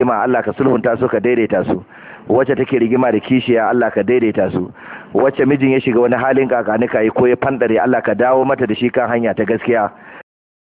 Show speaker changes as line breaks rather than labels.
rigima Allah ka sulhunta su ka daidaita su wacce take rigima da kishiya Allah ka daidaita su wacce mijin ya shiga wani halin kakanika yi ko ya fandare Allah ka dawo mata da shi kan hanya ta gaskiya